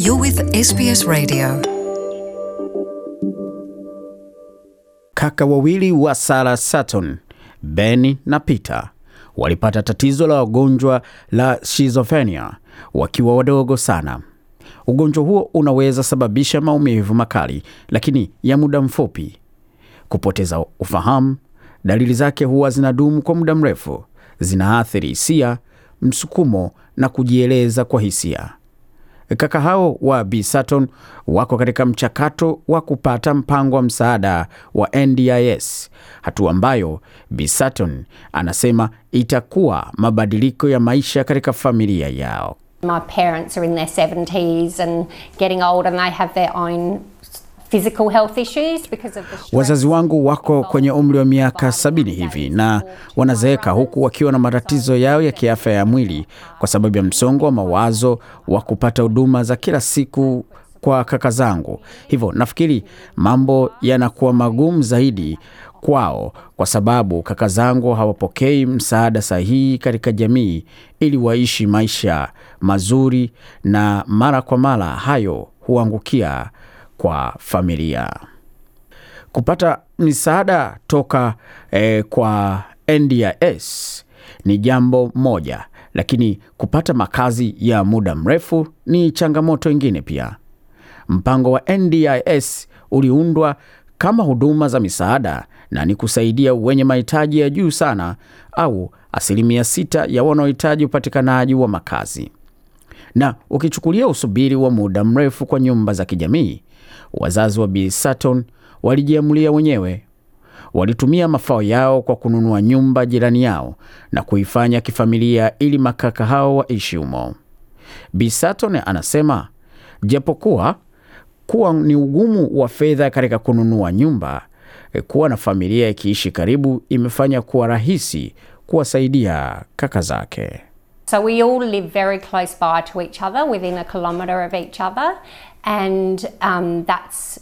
You're with SBS Radio. Kaka wawili wa Sarah Sutton, Ben na Peter, walipata tatizo la ugonjwa la schizophrenia wakiwa wadogo sana. Ugonjwa huo unaweza sababisha maumivu makali lakini ya muda mfupi, kupoteza ufahamu. Dalili zake huwa zinadumu kwa muda mrefu, zinaathiri hisia, msukumo na kujieleza kwa hisia. Kaka hao wa Bi Sutton wako katika mchakato wa kupata mpango wa msaada wa NDIS, hatua ambayo Bi Sutton anasema itakuwa mabadiliko ya maisha katika familia yao. My parents are in their 70s and getting old and they have their own physical health issues because of the wazazi wangu wako kwenye umri wa miaka sabini hivi na wanazeeka huku wakiwa na matatizo yao ya kiafya ya mwili kwa sababu ya msongo wa mawazo wa kupata huduma za kila siku kwa kaka zangu. Hivyo nafikiri mambo yanakuwa magumu zaidi kwao kwa sababu kaka zangu hawapokei msaada sahihi katika jamii ili waishi maisha mazuri, na mara kwa mara hayo huangukia kwa familia. Kupata misaada toka eh, kwa NDIS ni jambo moja, lakini kupata makazi ya muda mrefu ni changamoto ingine pia. Mpango wa NDIS uliundwa kama huduma za misaada na ni kusaidia wenye mahitaji ya juu sana au asilimia sita ya wanaohitaji upatikanaji wa makazi na ukichukulia usubiri wa muda mrefu kwa nyumba za kijamii, wazazi wa Bi saton walijiamulia wenyewe. Walitumia mafao yao kwa kununua nyumba jirani yao na kuifanya kifamilia ili makaka hao waishi humo. Bi saton anasema japokuwa kuwa ni ugumu wa fedha katika kununua nyumba, kuwa na familia ikiishi karibu imefanya kuwa rahisi kuwasaidia kaka zake. So we all live very close by to each other, within a kilometre of each other, and um, that's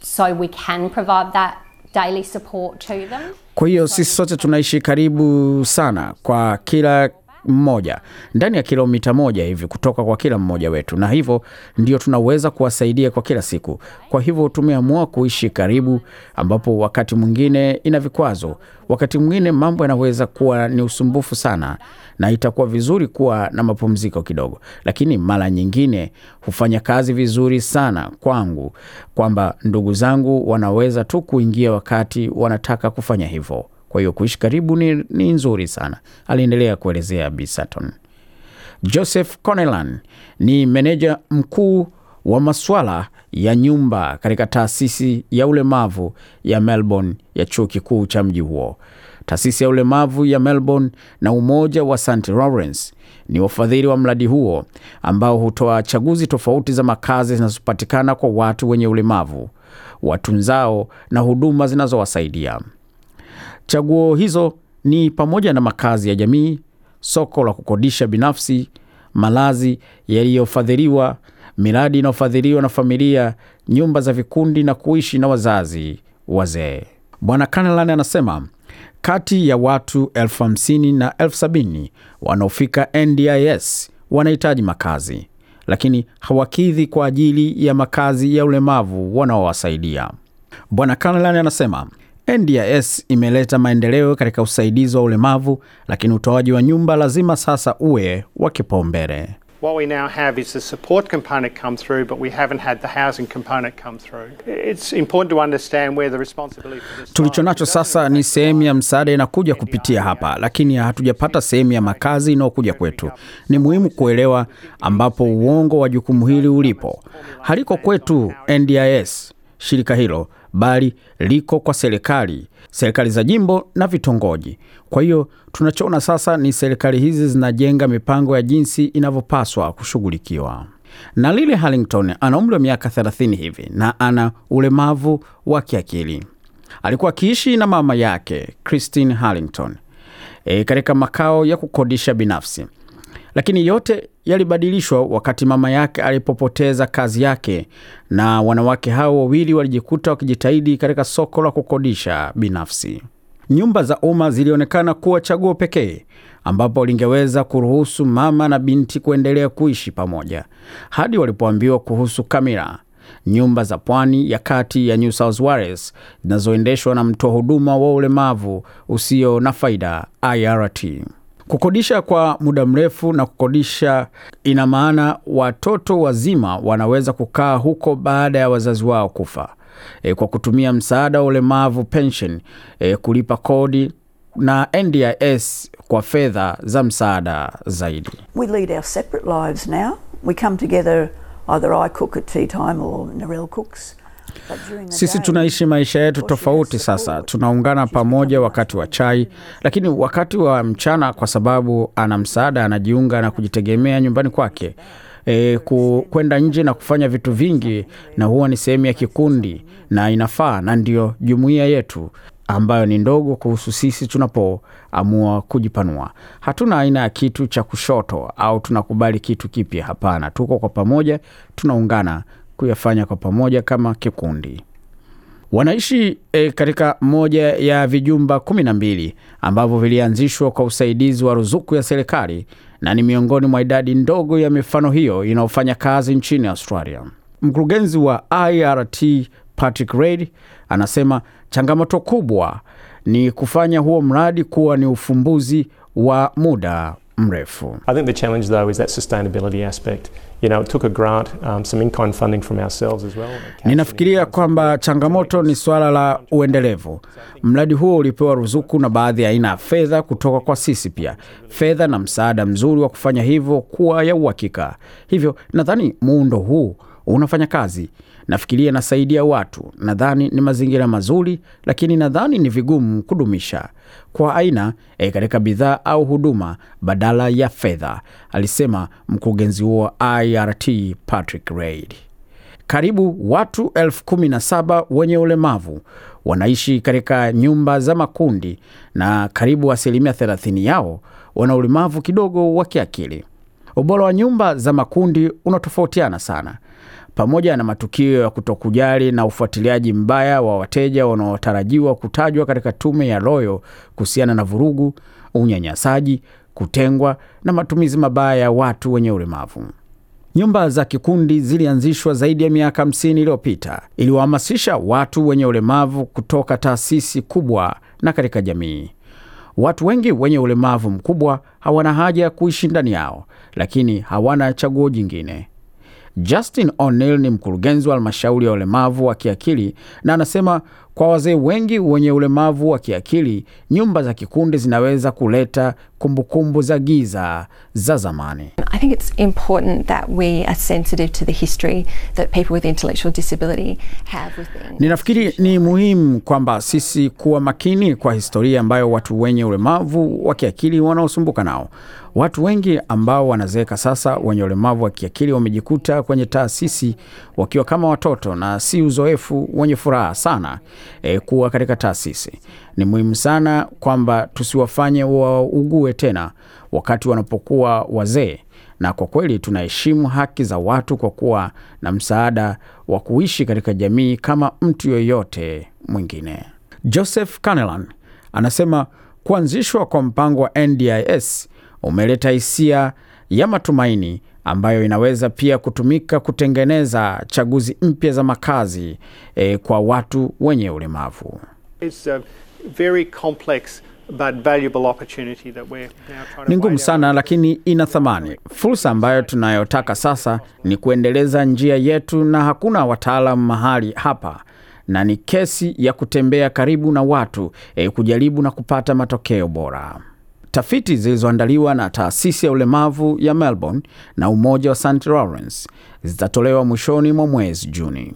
so we can provide that daily support to them. Kwa hiyo sisi sote tunaishi karibu sana kwa kila mmoja ndani ya kilomita moja hivi kutoka kwa kila mmoja wetu, na hivyo ndio tunaweza kuwasaidia kwa kila siku. Kwa hivyo tumeamua kuishi karibu, ambapo wakati mwingine ina vikwazo, wakati mwingine mambo yanaweza kuwa ni usumbufu sana, na itakuwa vizuri kuwa na mapumziko kidogo, lakini mara nyingine hufanya kazi vizuri sana kwangu kwamba ndugu zangu wanaweza tu kuingia wakati wanataka kufanya hivyo. Kwa hiyo kuishi karibu ni, ni nzuri sana, aliendelea kuelezea Bi Joseph Conelan ni meneja mkuu wa maswala ya nyumba katika taasisi ya ulemavu ya Melbourne ya chuo kikuu cha mji huo. Taasisi ya ulemavu ya Melbourne na umoja wa St Lawrence ni wafadhili wa mradi huo ambao hutoa chaguzi tofauti za makazi zinazopatikana kwa watu wenye ulemavu, watunzao na huduma zinazowasaidia. Chaguo hizo ni pamoja na makazi ya jamii, soko la kukodisha binafsi, malazi yaliyofadhiliwa, miradi inayofadhiliwa na familia, nyumba za vikundi na kuishi na wazazi wazee. Bwana kanelan anasema kati ya watu elfu hamsini na elfu sabini wanaofika NDIS wanahitaji makazi, lakini hawakidhi kwa ajili ya makazi ya ulemavu wanaowasaidia. Bwana kanelan anasema NDIS imeleta maendeleo katika usaidizi wa ulemavu, lakini utoaji wa nyumba lazima sasa uwe wa kipaumbele. What we now have is the support component come through, but we haven't had the housing component come through. It's important to understand where the responsibility for this. Tulicho nacho sasa ni sehemu ya msaada inakuja kupitia hapa, lakini hatujapata sehemu ya makazi inayokuja kwetu. Ni muhimu kuelewa ambapo uongo wa jukumu hili ulipo. Haliko kwetu NDIS, shirika hilo bali liko kwa serikali, serikali za jimbo na vitongoji. Kwa hiyo tunachoona sasa ni serikali hizi zinajenga mipango ya jinsi inavyopaswa kushughulikiwa. Na Lili Harrington ana umri wa miaka 30 hivi na ana ulemavu wa kiakili. Alikuwa akiishi na mama yake Christine Harrington e, katika makao ya kukodisha binafsi lakini yote yalibadilishwa wakati mama yake alipopoteza kazi yake, na wanawake hao wawili walijikuta wakijitahidi katika soko la kukodisha binafsi. Nyumba za umma zilionekana kuwa chaguo pekee ambapo lingeweza kuruhusu mama na binti kuendelea kuishi pamoja hadi walipoambiwa kuhusu kamera nyumba za pwani ya kati ya New South Wales zinazoendeshwa na mtoa huduma wa ulemavu usio na faida IRT. Kukodisha kwa muda mrefu na kukodisha, ina maana watoto wazima wanaweza kukaa huko baada ya wazazi wao kufa e, kwa kutumia msaada wa ulemavu pension, e, kulipa kodi na NDIS kwa fedha za msaada zaidi. We lead our separate lives now. We come together either I cook at tea time or cooks. Sisi tunaishi maisha yetu tofauti sasa. Tunaungana pamoja wakati wa chai, lakini wakati wa mchana, kwa sababu ana msaada, anajiunga na kujitegemea nyumbani kwake, e, kwenda nje na kufanya vitu vingi, na huwa ni sehemu ya kikundi na inafaa, na ndiyo jumuiya yetu ambayo ni ndogo kuhusu sisi tunapoamua kujipanua. Hatuna aina ya kitu cha kushoto au tunakubali kitu kipya. Hapana, tuko kwa pamoja, tunaungana kuyafanya kwa pamoja kama kikundi. Wanaishi e, katika moja ya vijumba kumi na mbili ambavyo vilianzishwa kwa usaidizi wa ruzuku ya serikali na ni miongoni mwa idadi ndogo ya mifano hiyo inayofanya kazi nchini Australia. Mkurugenzi wa IRT Patrick Reid anasema changamoto kubwa ni kufanya huo mradi kuwa ni ufumbuzi wa muda mrefu. I think the challenge though is that sustainability aspect. You know, it took a grant, um, some in-kind funding from ourselves as well. Ninafikiria kwamba changamoto ni swala la uendelevu. Mradi huo ulipewa ruzuku na baadhi ya aina ya fedha kutoka kwa sisi, pia fedha na msaada mzuri wa kufanya hivyo kuwa ya uhakika. Hivyo nadhani muundo huu unafanya kazi, nafikiria nasaidia watu, nadhani ni mazingira mazuri, lakini nadhani ni vigumu kudumisha kwa aina e, katika bidhaa au huduma badala ya fedha, alisema mkurugenzi wa IRT Patrick Reid. Karibu watu 17 wenye ulemavu wanaishi katika nyumba za makundi na karibu asilimia 30 yao wana ulemavu kidogo wa kiakili. Ubora wa nyumba za makundi unatofautiana sana, pamoja na matukio ya kutokujali na ufuatiliaji mbaya wa wateja wanaotarajiwa kutajwa katika tume ya loyo kuhusiana na vurugu, unyanyasaji, kutengwa na matumizi mabaya ya watu wenye ulemavu. Nyumba za kikundi zilianzishwa zaidi ya miaka 50 iliyopita, iliwahamasisha watu wenye ulemavu kutoka taasisi kubwa na katika jamii. Watu wengi wenye ulemavu mkubwa hawana haja ya kuishi ndani yao, lakini hawana chaguo jingine. Justin O'Neil ni mkurugenzi wa halmashauri ya ulemavu wa kiakili na anasema kwa wazee wengi wenye ulemavu wa kiakili, nyumba za kikundi zinaweza kuleta kumbukumbu kumbu za giza za zamani. I think it's important that we are sensitive to the history that people with intellectual disability have Ninafikiri ni muhimu kwamba sisi kuwa makini kwa historia ambayo watu wenye ulemavu wa kiakili wanaosumbuka nao. Watu wengi ambao wanazeeka sasa wenye ulemavu wa kiakili wamejikuta kwenye taasisi wakiwa kama watoto na si uzoefu wenye furaha sana e, kuwa katika taasisi. Ni muhimu sana kwamba tusiwafanye waugue tena wakati wanapokuwa wazee, na kwa kweli tunaheshimu haki za watu kwa kuwa na msaada wa kuishi katika jamii kama mtu yoyote mwingine. Joseph Canelan anasema kuanzishwa kwa mpango wa NDIS umeleta hisia ya matumaini ambayo inaweza pia kutumika kutengeneza chaguzi mpya za makazi e, kwa watu wenye ulemavu. Ni ngumu sana lakini ina thamani. Fursa ambayo tunayotaka sasa ni kuendeleza njia yetu, na hakuna wataalam mahali hapa, na ni kesi ya kutembea karibu na watu e, kujaribu na kupata matokeo bora. Tafiti zilizoandaliwa na taasisi ya ulemavu ya Melbourne na umoja wa St Lawrence zitatolewa mwishoni mwa mwezi Juni.